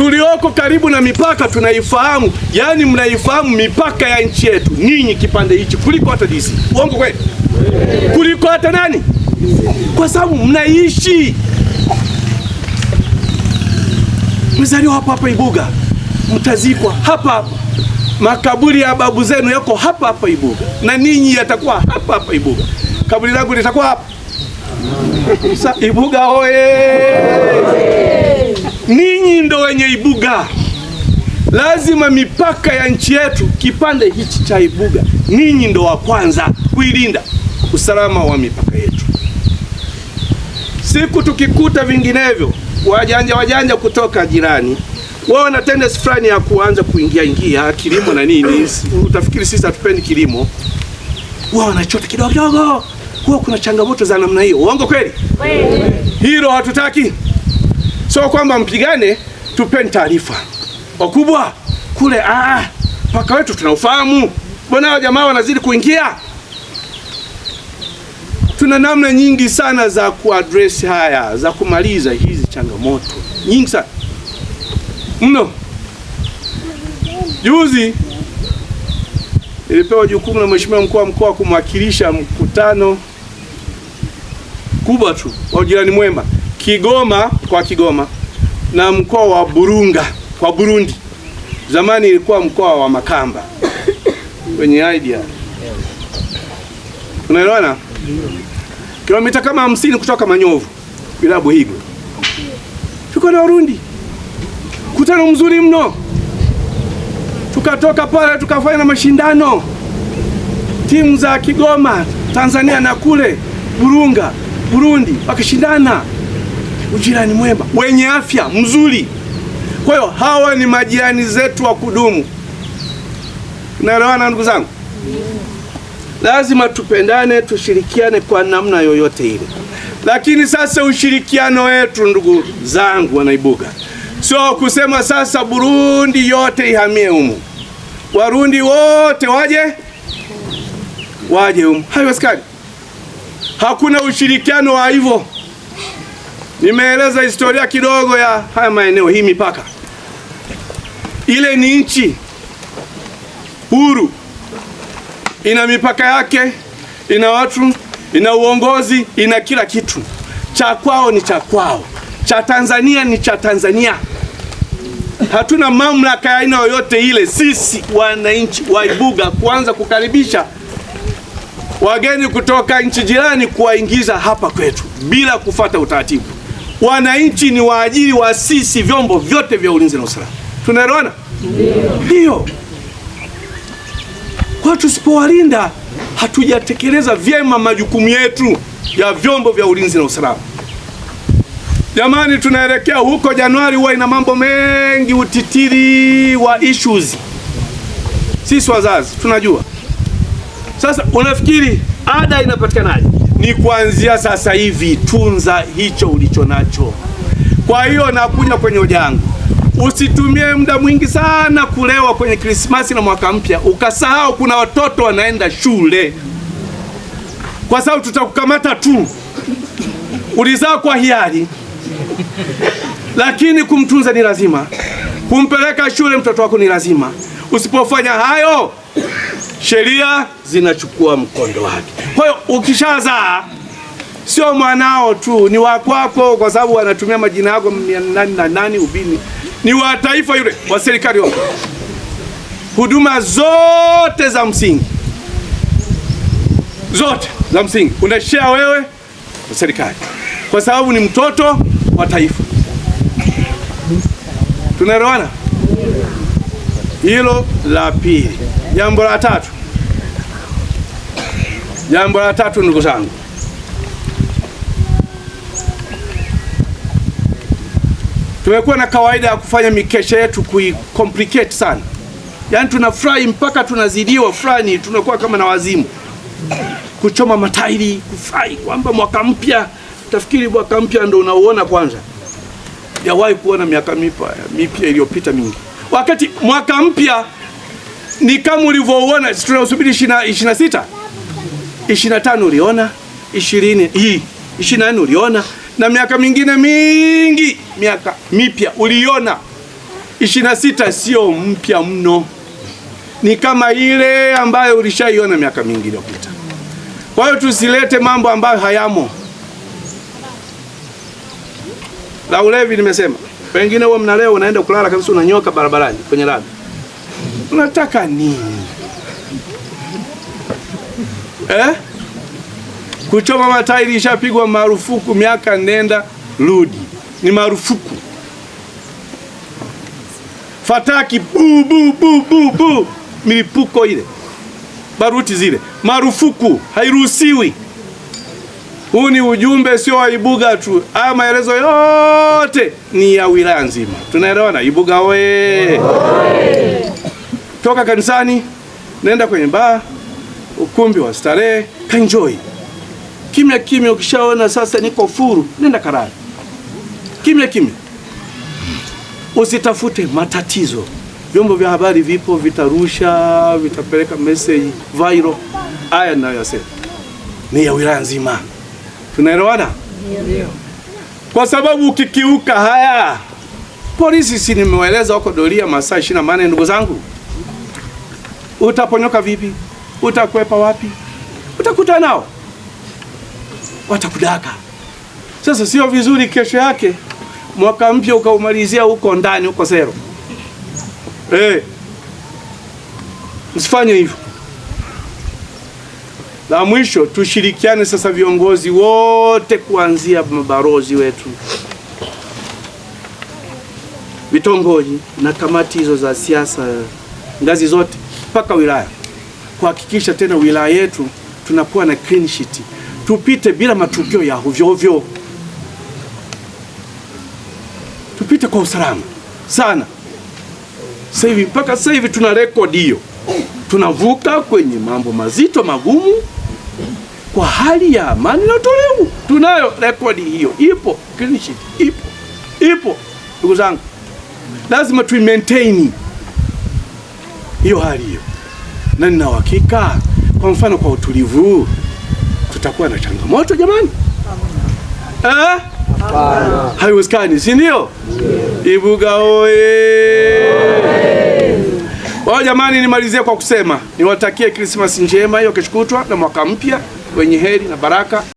tulioko karibu na mipaka tunaifahamu, yani mnaifahamu mipaka ya nchi yetu ninyi kipande hichi kuliko hata DC. Uongo kweli? Kuliko hata nani? Kwa sababu mnaishi, mzaliwa hapa hapa Ibuga, mtazikwa hapa hapa, makaburi ya babu zenu yako hapa hapa Ibuga, na ninyi yatakuwa hapa hapa Ibuga. Kaburi langu litakuwa hapa Ibuga oye! kwenye Ibuga, lazima mipaka ya nchi yetu, kipande hichi cha Ibuga, ninyi ndo wa kwanza kuilinda usalama wa mipaka yetu. Siku tukikuta vinginevyo, wajanja wajanja kutoka jirani wao na tendency fulani ya kuanza kuingia ingia kilimo na nini, utafikiri sisi hatupendi kilimo, wao wanachota kidogo kidogo. Huwa kuna changamoto za namna hiyo, uongo kweli? Hilo hatutaki, sio kwamba mpigane tupeni taarifa. Wakubwa kule, ah, ah paka wetu tunaufahamu bwana. Hao jamaa wanazidi kuingia. Tuna namna nyingi sana za kuaddress haya, za kumaliza hizi changamoto nyingi sana mno. Juzi nilipewa jukumu na mheshimiwa mkuu wa mkoa kumwakilisha mkutano kubwa tu wa Ujirani Mwema Kigoma kwa Kigoma na mkoa wa Burunga kwa Burundi. Zamani ilikuwa mkoa wa Makamba kwenye idea, unaelewana? Kilomita kama hamsini kutoka Manyovu bila Buhigo tuko na Burundi, kutano mzuri mno. Tukatoka pale tukafanya na mashindano timu za Kigoma Tanzania na kule Burunga Burundi wakishindana ujirani mwema wenye afya mzuri. Kwa hiyo hawa ni majirani zetu wa kudumu. Naelewana ndugu zangu? Lazima tupendane, tushirikiane kwa namna yoyote ile. Lakini sasa ushirikiano wetu ndugu zangu wanaibuga, sio kusema sasa Burundi yote ihamie humu, Warundi wote waje waje humu. Haiwezekani, hakuna ushirikiano wa hivyo. Nimeeleza historia kidogo ya haya maeneo, hii mipaka ile ni nchi huru, ina mipaka yake, ina watu, ina uongozi, ina kila kitu. Cha kwao ni cha kwao, cha Tanzania ni cha Tanzania. Hatuna mamlaka ya aina yoyote ile. Sisi wananchi wa Ibuga kuanza kukaribisha wageni kutoka nchi jirani kuwaingiza hapa kwetu bila kufata utaratibu wananchi ni waajiri wa sisi vyombo vyote vya ulinzi na usalama. Tunaelewana? Ndio. Kwa tusipowalinda hatujatekeleza vyema majukumu yetu ya vyombo vya ulinzi na usalama. Jamani, tunaelekea huko. Januari huwa ina mambo mengi, utitiri wa issues. Sisi wazazi tunajua. Sasa unafikiri ada inapatikanaje? ni kuanzia sasa hivi, tunza hicho ulicho nacho. Kwa hiyo nakuja kwenye hoja yangu, usitumie muda mwingi sana kulewa kwenye Krismasi na mwaka mpya, ukasahau kuna watoto wanaenda shule, kwa sababu tutakukamata tu. Ulizaa kwa hiari, lakini kumtunza ni lazima, kumpeleka shule mtoto wako ni lazima. Usipofanya hayo sheria zinachukua mkondo wake. Kwa hiyo ukishazaa sio mwanao tu, ni wakwako, kwa sababu wanatumia majina yako nani na nani, ubini ni wa taifa yule, wa serikali yote, huduma zote za msingi zote za msingi unashea wewe na serikali, kwa sababu ni mtoto wa taifa. Tunaelewana? Hilo la pili. Jambo la tatu Jambo la tatu, ndugu zangu, tumekuwa na kawaida ya kufanya mikesha yetu kuicomplicate sana, yaani tunafurahi mpaka tunazidiwa fulani, tunakuwa kama na wazimu, kuchoma matairi, kufurahi kwamba mwaka mpya. Tafikiri mwaka mpya ndio unauona kwanza, jawahi kuona miaka mipya iliyopita mingi, wakati mwaka mpya ni kama ulivyouona tunasubiri ishirini na sita tano uliona, ishirini hii 24 uliona, na miaka mingine mingi miaka mipya uliona. sita sio mpya mno, ni kama ile ambayo ulishaiona miaka mingi iliyopita. Kwa hiyo tusilete mambo ambayo hayamo. La ulevi nimesema, wengine huwa mnaleo unaenda kulala kabisa unanyoka barabarani kwenye lami. Unataka nini? eh? Kuchoma matairi ishapigwa marufuku miaka nenda rudi, ni marufuku. Fataki bu bu bu bu bu, milipuko ile, baruti zile, marufuku, hairuhusiwi. Huu ni ujumbe sio wa Ibuga tu. Haya maelezo yote ni ya wilaya nzima, tunaelewana? Ibuga oye! Toka kanisani, nenda kwenye baa ukumbi wa starehe, kanjoi kimya kimya. Ukishaona sasa niko furu, nenda karari kimya kimya, usitafute matatizo. Vyombo vya habari vipo, vitarusha, vitapeleka message viral. Haya ninayoyasema ni ya wilaya nzima, tunaelewana? Ndio. Kwa sababu ukikiuka haya, polisi si nimewaeleza, wako doria masaa 24 ndugu zangu, utaponyoka vipi? utakwepa wapi? Utakuta nao watakudaka. Sasa sio vizuri, kesho yake mwaka mpya ukaumalizia huko ndani huko sero. Eh, msifanye hivyo. La mwisho, tushirikiane sasa, viongozi wote kuanzia mabalozi wetu vitongoji na kamati hizo za siasa ngazi zote mpaka wilaya kuhakikisha tena wilaya yetu tunakuwa na clean sheet, tupite bila matukio ya hovyo hovyo, tupite kwa usalama sana. Sasa hivi mpaka sasa hivi tuna rekodi hiyo, tunavuka kwenye mambo mazito magumu kwa hali ya amani na utulivu. Tunayo rekodi hiyo, ipo clean sheet, ipo ipo. Ndugu zangu, lazima tu maintain hiyo hali hiyo na nina uhakika kwa mfano kwa utulivu tutakuwa na changamoto jamani, eh? Haiwezekani, si ndio? Ibuga oye! Wao jamani, nimalizie kwa kusema niwatakie Krismasi njema hiyo keshokutwa na mwaka mpya wenye heri na baraka.